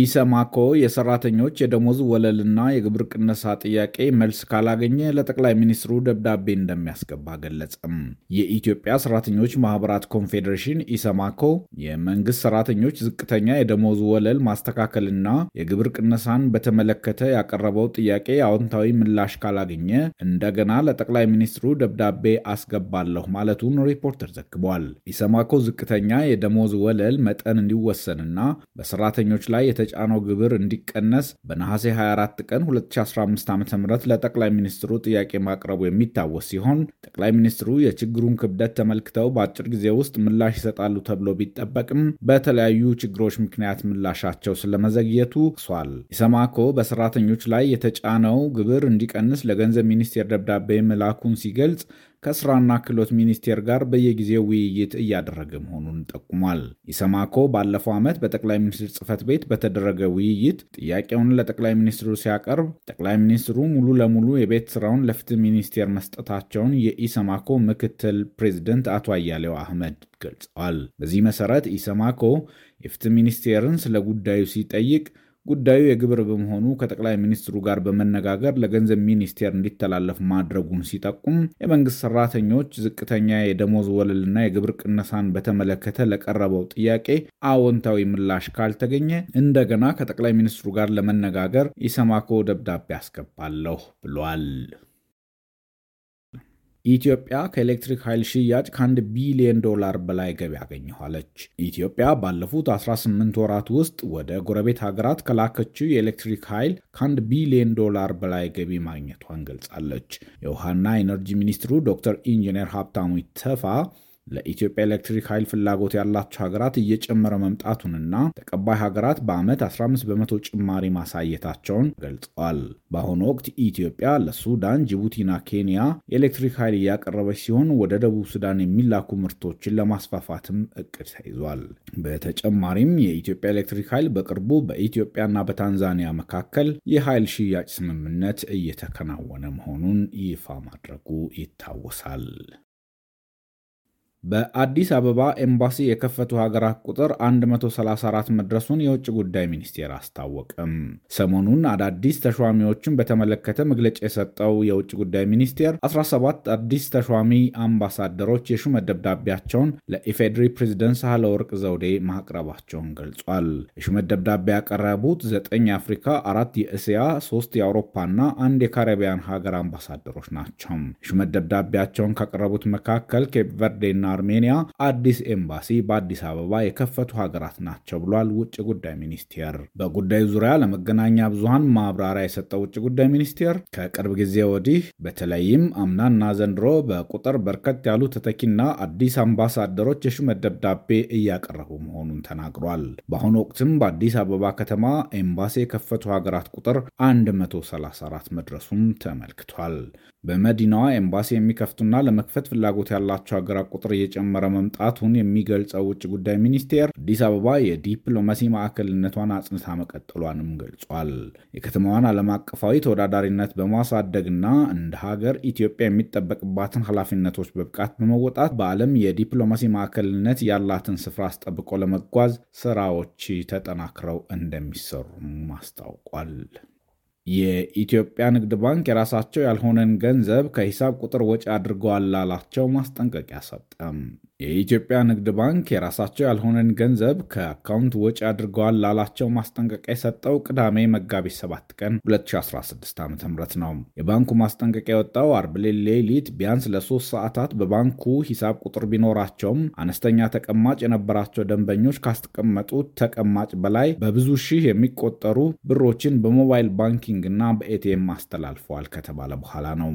ኢሰማኮ የሰራተኞች የደሞዝ ወለልና የግብር ቅነሳ ጥያቄ መልስ ካላገኘ ለጠቅላይ ሚኒስትሩ ደብዳቤ እንደሚያስገባ ገለጸም። የኢትዮጵያ ሰራተኞች ማህበራት ኮንፌዴሬሽን ኢሰማኮ የመንግስት ሰራተኞች ዝቅተኛ የደሞዝ ወለል ማስተካከልና የግብር ቅነሳን በተመለከተ ያቀረበው ጥያቄ አዎንታዊ ምላሽ ካላገኘ እንደገና ለጠቅላይ ሚኒስትሩ ደብዳቤ አስገባለሁ ማለቱን ሪፖርተር ዘግቧል። ኢሰማኮ ዝቅተኛ የደሞዝ ወለል መጠን እንዲወሰንና በሰራተኞች ላይ የተጫነው ግብር እንዲቀነስ በነሐሴ 24 ቀን 2015 ዓ ም ለጠቅላይ ሚኒስትሩ ጥያቄ ማቅረቡ የሚታወስ ሲሆን ጠቅላይ ሚኒስትሩ የችግሩን ክብደት ተመልክተው በአጭር ጊዜ ውስጥ ምላሽ ይሰጣሉ ተብሎ ቢጠበቅም በተለያዩ ችግሮች ምክንያት ምላሻቸው ስለመዘግየቱ ክሷል። ኢሰማኮ በሰራተኞች ላይ የተጫነው ግብር እንዲቀንስ ለገንዘብ ሚኒስቴር ደብዳቤ መላኩን ሲገልጽ ከስራና ክህሎት ሚኒስቴር ጋር በየጊዜው ውይይት እያደረገ መሆኑን ጠቁሟል። ኢሰማኮ ባለፈው ዓመት በጠቅላይ ሚኒስትር ጽህፈት ቤት በተደረገ ውይይት ጥያቄውን ለጠቅላይ ሚኒስትሩ ሲያቀርብ ጠቅላይ ሚኒስትሩ ሙሉ ለሙሉ የቤት ስራውን ለፍትህ ሚኒስቴር መስጠታቸውን የኢሰማኮ ምክትል ፕሬዚደንት አቶ አያሌው አህመድ ገልጸዋል። በዚህ መሰረት ኢሰማኮ የፍትህ ሚኒስቴርን ስለ ጉዳዩ ሲጠይቅ ጉዳዩ የግብር በመሆኑ ከጠቅላይ ሚኒስትሩ ጋር በመነጋገር ለገንዘብ ሚኒስቴር እንዲተላለፍ ማድረጉን ሲጠቁም የመንግስት ሰራተኞች ዝቅተኛ የደሞዝ ወለልና የግብር ቅነሳን በተመለከተ ለቀረበው ጥያቄ አዎንታዊ ምላሽ ካልተገኘ እንደገና ከጠቅላይ ሚኒስትሩ ጋር ለመነጋገር ኢሰማኮ ደብዳቤ አስገባለሁ ብሏል። ኢትዮጵያ ከኤሌክትሪክ ኃይል ሽያጭ ከአንድ ቢሊዮን ዶላር በላይ ገቢ ያገኘኋለች። ኢትዮጵያ ባለፉት 18 ወራት ውስጥ ወደ ጎረቤት ሀገራት ከላከችው የኤሌክትሪክ ኃይል ከአንድ ቢሊዮን ዶላር በላይ ገቢ ማግኘቷን ገልጻለች። የውሃና ኤነርጂ ሚኒስትሩ ዶክተር ኢንጂነር ሀብታሙ ኢተፋ ለኢትዮጵያ ኤሌክትሪክ ኃይል ፍላጎት ያላቸው ሀገራት እየጨመረ መምጣቱንና ተቀባይ ሀገራት በዓመት 15 በመቶ ጭማሪ ማሳየታቸውን ገልጸዋል። በአሁኑ ወቅት ኢትዮጵያ ለሱዳን፣ ጅቡቲና ኬንያ የኤሌክትሪክ ኃይል እያቀረበች ሲሆን ወደ ደቡብ ሱዳን የሚላኩ ምርቶችን ለማስፋፋትም እቅድ ተይዟል። በተጨማሪም የኢትዮጵያ ኤሌክትሪክ ኃይል በቅርቡ በኢትዮጵያና በታንዛኒያ መካከል የኃይል ሽያጭ ስምምነት እየተከናወነ መሆኑን ይፋ ማድረጉ ይታወሳል። በአዲስ አበባ ኤምባሲ የከፈቱ ሀገራት ቁጥር 134 መድረሱን የውጭ ጉዳይ ሚኒስቴር አስታወቅም። ሰሞኑን አዳዲስ ተሿሚዎችን በተመለከተ መግለጫ የሰጠው የውጭ ጉዳይ ሚኒስቴር 17 አዲስ ተሿሚ አምባሳደሮች የሹመት ደብዳቤያቸውን ለኢፌዴሪ ፕሬዝደንት ሳህለወርቅ ዘውዴ ማቅረባቸውን ገልጿል። የሹመት ደብዳቤ ያቀረቡት ዘጠኝ የአፍሪካ፣ አራት የእስያ፣ ሶስት የአውሮፓና አንድ የካሪቢያን ሀገር አምባሳደሮች ናቸው። የሹመት ደብዳቤያቸውን ካቀረቡት መካከል ኬፕ ቨርዴና አርሜኒያ አዲስ ኤምባሲ በአዲስ አበባ የከፈቱ ሀገራት ናቸው ብሏል ውጭ ጉዳይ ሚኒስቴር። በጉዳዩ ዙሪያ ለመገናኛ ብዙሃን ማብራሪያ የሰጠው ውጭ ጉዳይ ሚኒስቴር ከቅርብ ጊዜ ወዲህ በተለይም አምናና ዘንድሮ በቁጥር በርከት ያሉ ተተኪና አዲስ አምባሳደሮች የሹመት ደብዳቤ እያቀረቡ መሆኑን ተናግሯል። በአሁኑ ወቅትም በአዲስ አበባ ከተማ ኤምባሲ የከፈቱ ሀገራት ቁጥር 134 መድረሱም ተመልክቷል። በመዲናዋ ኤምባሲ የሚከፍቱና ለመክፈት ፍላጎት ያላቸው ሀገራት ቁጥር እየጨመረ መምጣቱን የሚገልጸው ውጭ ጉዳይ ሚኒስቴር አዲስ አበባ የዲፕሎማሲ ማዕከልነቷን አጽንታ መቀጠሏንም ገልጿል። የከተማዋን ዓለም አቀፋዊ ተወዳዳሪነት በማሳደግና እንደ ሀገር ኢትዮጵያ የሚጠበቅባትን ኃላፊነቶች በብቃት በመወጣት በዓለም የዲፕሎማሲ ማዕከልነት ያላትን ስፍራ አስጠብቆ ለመጓዝ ስራዎች ተጠናክረው እንደሚሰሩም አስታውቋል። የኢትዮጵያ ንግድ ባንክ የራሳቸው ያልሆነን ገንዘብ ከሂሳብ ቁጥር ወጪ አድርገዋል ላላቸው ማስጠንቀቂያ ሰጠም። የኢትዮጵያ ንግድ ባንክ የራሳቸው ያልሆነን ገንዘብ ከአካውንት ወጪ አድርገዋል ላላቸው ማስጠንቀቂያ የሰጠው ቅዳሜ መጋቢት 7 ቀን 2016 ዓ ም ነው። የባንኩ ማስጠንቀቂያ የወጣው አርብ ሌሊት ቢያንስ ለሶስት ሰዓታት በባንኩ ሂሳብ ቁጥር ቢኖራቸውም አነስተኛ ተቀማጭ የነበራቸው ደንበኞች ካስቀመጡት ተቀማጭ በላይ በብዙ ሺህ የሚቆጠሩ ብሮችን በሞባይል ባንኪንግ እና በኤቲኤም አስተላልፈዋል ከተባለ በኋላ ነው።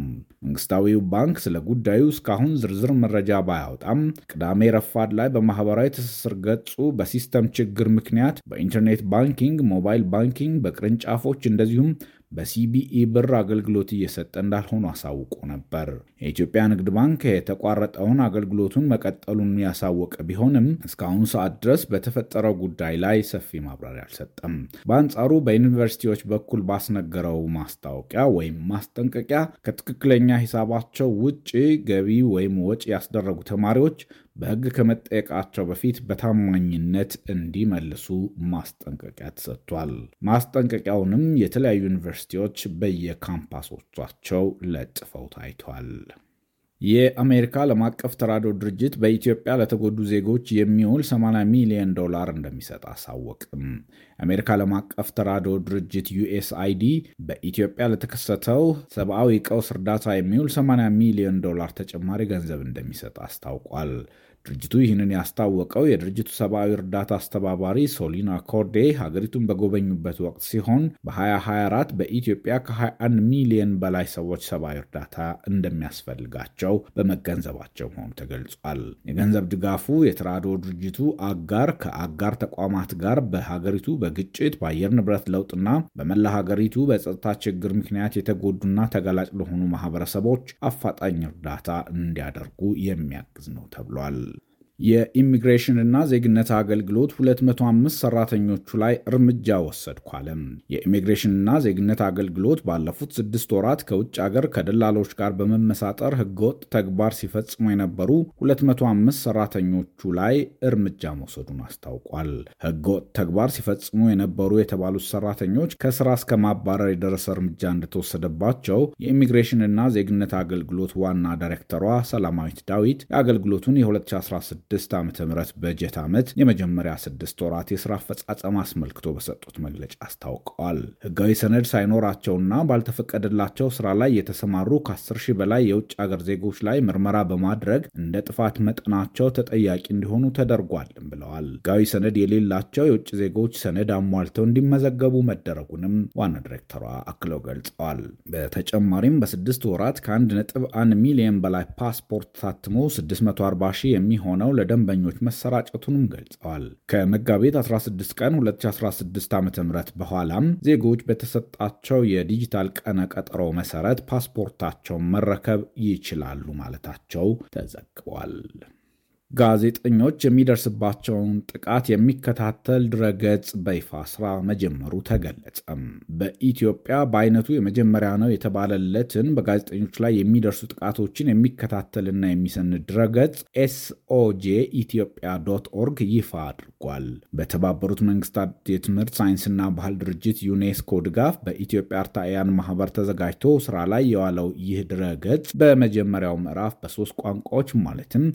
መንግስታዊው ባንክ ስለ ጉዳዩ እስካሁን ዝርዝር መረጃ ባያወጣም ቅዳሜ ረፋድ ላይ በማህበራዊ ትስስር ገጹ በሲስተም ችግር ምክንያት በኢንተርኔት ባንኪንግ፣ ሞባይል ባንኪንግ፣ በቅርንጫፎች እንደዚሁም በሲቢኢ ብር አገልግሎት እየሰጠ እንዳልሆኑ አሳውቆ ነበር። የኢትዮጵያ ንግድ ባንክ የተቋረጠውን አገልግሎቱን መቀጠሉን ያሳወቀ ቢሆንም እስካሁኑ ሰዓት ድረስ በተፈጠረው ጉዳይ ላይ ሰፊ ማብራሪያ አልሰጠም። በአንጻሩ በዩኒቨርሲቲዎች በኩል ባስነገረው ማስታወቂያ ወይም ማስጠንቀቂያ ከትክክለኛ ሂሳባቸው ውጭ ገቢ ወይም ወጪ ያስደረጉ ተማሪዎች በሕግ ከመጠየቃቸው በፊት በታማኝነት እንዲመልሱ ማስጠንቀቂያ ተሰጥቷል። ማስጠንቀቂያውንም የተለያዩ ዩኒቨርሲቲዎች በየካምፓሶቻቸው ለጥፈው ታይቷል። የአሜሪካ ዓለም አቀፍ ተራድኦ ድርጅት በኢትዮጵያ ለተጎዱ ዜጎች የሚውል 80 ሚሊዮን ዶላር እንደሚሰጥ አሳወቅም። የአሜሪካ ዓለም አቀፍ ተራድኦ ድርጅት ዩኤስአይዲ በኢትዮጵያ ለተከሰተው ሰብአዊ ቀውስ እርዳታ የሚውል 80 ሚሊዮን ዶላር ተጨማሪ ገንዘብ እንደሚሰጥ አስታውቋል። ድርጅቱ ይህንን ያስታወቀው የድርጅቱ ሰብአዊ እርዳታ አስተባባሪ ሶሊና ኮርዴ ሀገሪቱን በጎበኙበት ወቅት ሲሆን በ2024 በኢትዮጵያ ከ21 ሚሊዮን በላይ ሰዎች ሰብአዊ እርዳታ እንደሚያስፈልጋቸው በመገንዘባቸው መሆኑ ተገልጿል። የገንዘብ ድጋፉ የተራድኦ ድርጅቱ አጋር ከአጋር ተቋማት ጋር በሀገሪቱ በግጭት በአየር ንብረት ለውጥና በመላ ሀገሪቱ በጸጥታ ችግር ምክንያት የተጎዱና ተጋላጭ ለሆኑ ማህበረሰቦች አፋጣኝ እርዳታ እንዲያደርጉ የሚያግዝ ነው ተብሏል። የኢሚግሬሽንና ዜግነት አገልግሎት 205 ሰራተኞቹ ላይ እርምጃ ወሰድኳለም። የኢሚግሬሽንና ዜግነት አገልግሎት ባለፉት ስድስት ወራት ከውጭ አገር ከደላሎች ጋር በመመሳጠር ህገወጥ ተግባር ሲፈጽሙ የነበሩ 205 ሰራተኞቹ ላይ እርምጃ መውሰዱን አስታውቋል። ህገወጥ ተግባር ሲፈጽሙ የነበሩ የተባሉት ሰራተኞች ከስራ እስከ ማባረር የደረሰ እርምጃ እንደተወሰደባቸው የኢሚግሬሽንና ዜግነት አገልግሎት ዋና ዳይሬክተሯ ሰላማዊት ዳዊት የአገልግሎቱን የ2016 ስድስት ዓ ም በጀት ዓመት የመጀመሪያ ስድስት ወራት የስራ አፈጻጸም አስመልክቶ በሰጡት መግለጫ አስታውቀዋል። ህጋዊ ሰነድ ሳይኖራቸውና ባልተፈቀደላቸው ስራ ላይ የተሰማሩ ከ10 ሺህ በላይ የውጭ አገር ዜጎች ላይ ምርመራ በማድረግ እንደ ጥፋት መጠናቸው ተጠያቂ እንዲሆኑ ተደርጓልም ብለዋል። ህጋዊ ሰነድ የሌላቸው የውጭ ዜጎች ሰነድ አሟልተው እንዲመዘገቡ መደረጉንም ዋና ዲሬክተሯ አክለው ገልጸዋል። በተጨማሪም በስድስት ወራት ከ1.1 ሚሊዮን በላይ ፓስፖርት ታትሞ 640 ሺህ የሚሆነው ለደንበኞች መሰራጨቱንም ገልጸዋል። ከመጋቢት 16 ቀን 2016 ዓ ም በኋላም ዜጎች በተሰጣቸው የዲጂታል ቀነ ቀጠሮ መሰረት ፓስፖርታቸውን መረከብ ይችላሉ ማለታቸው ተዘግቧል። ጋዜጠኞች የሚደርስባቸውን ጥቃት የሚከታተል ድረገጽ በይፋ ስራ መጀመሩ ተገለጸ። በኢትዮጵያ በአይነቱ የመጀመሪያ ነው የተባለለትን በጋዜጠኞች ላይ የሚደርሱ ጥቃቶችን የሚከታተልና የሚሰንድ ድረገጽ ኤስኦጄ ኢትዮጵያ ዶት ኦርግ ይፋ አድርጓል። በተባበሩት መንግስታት የትምህርት ሳይንስና ባህል ድርጅት ዩኔስኮ ድጋፍ በኢትዮጵያ አርታያን ማህበር ተዘጋጅቶ ስራ ላይ የዋለው ይህ ድረገጽ በመጀመሪያው ምዕራፍ በሶስት ቋንቋዎች ማለትም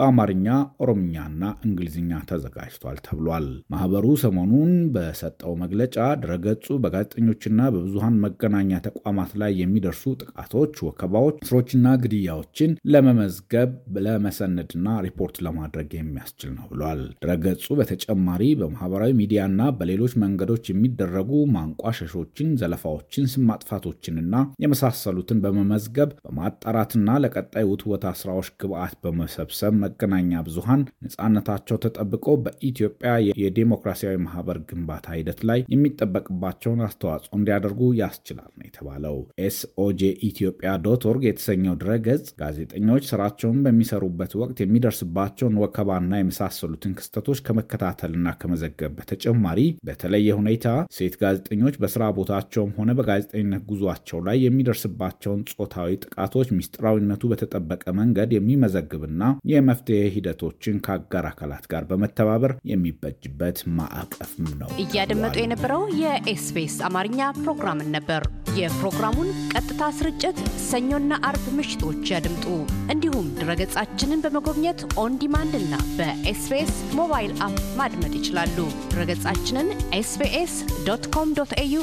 በአማርኛ ኦሮምኛና እንግሊዝኛ ተዘጋጅቷል ተብሏል። ማህበሩ ሰሞኑን በሰጠው መግለጫ ድረገጹ በጋዜጠኞችና በብዙሃን መገናኛ ተቋማት ላይ የሚደርሱ ጥቃቶች፣ ወከባዎች፣ እስሮችና ግድያዎችን ለመመዝገብ ለመሰነድና ሪፖርት ለማድረግ የሚያስችል ነው ብሏል። ድረገጹ በተጨማሪ በማህበራዊ ሚዲያና በሌሎች መንገዶች የሚደረጉ ማንቋሸሾችን፣ ዘለፋዎችን፣ ስም ማጥፋቶችንና የመሳሰሉትን በመመዝገብ በማጣራትና ለቀጣይ ውትወታ ስራዎች ግብዓት በመሰብሰብ መገናኛ ብዙሃን ነጻነታቸው ተጠብቆ በኢትዮጵያ የዴሞክራሲያዊ ማህበር ግንባታ ሂደት ላይ የሚጠበቅባቸውን አስተዋጽኦ እንዲያደርጉ ያስችላል ነው የተባለው። ኤስኦጄ ኢትዮጵያ ዶት ኦርግ የተሰኘው ድረገጽ ጋዜጠኞች ስራቸውን በሚሰሩበት ወቅት የሚደርስባቸውን ወከባና የመሳሰሉትን ክስተቶች ከመከታተልና ከመዘገብ በተጨማሪ በተለየ ሁኔታ ሴት ጋዜጠኞች በስራ ቦታቸውም ሆነ በጋዜጠኝነት ጉዟቸው ላይ የሚደርስባቸውን ጾታዊ ጥቃቶች ሚስጥራዊነቱ በተጠበቀ መንገድ የሚመዘግብና የመ የመፍትሄ ሂደቶችን ከአጋር አካላት ጋር በመተባበር የሚበጅበት ማዕቀፍም ነው። እያደመጡ የነበረው የኤስቢኤስ አማርኛ ፕሮግራምን ነበር። የፕሮግራሙን ቀጥታ ስርጭት ሰኞና አርብ ምሽቶች ያድምጡ። እንዲሁም ድረገጻችንን በመጎብኘት ኦንዲማንድ እና በኤስቢኤስ ሞባይል አፕ ማድመጥ ይችላሉ። ድረገጻችንን ኤስቢኤስ ዶት ኮም ዶት ኤዩ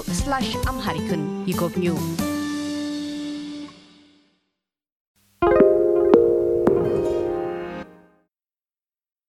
አምሃሪክን ይጎብኙ።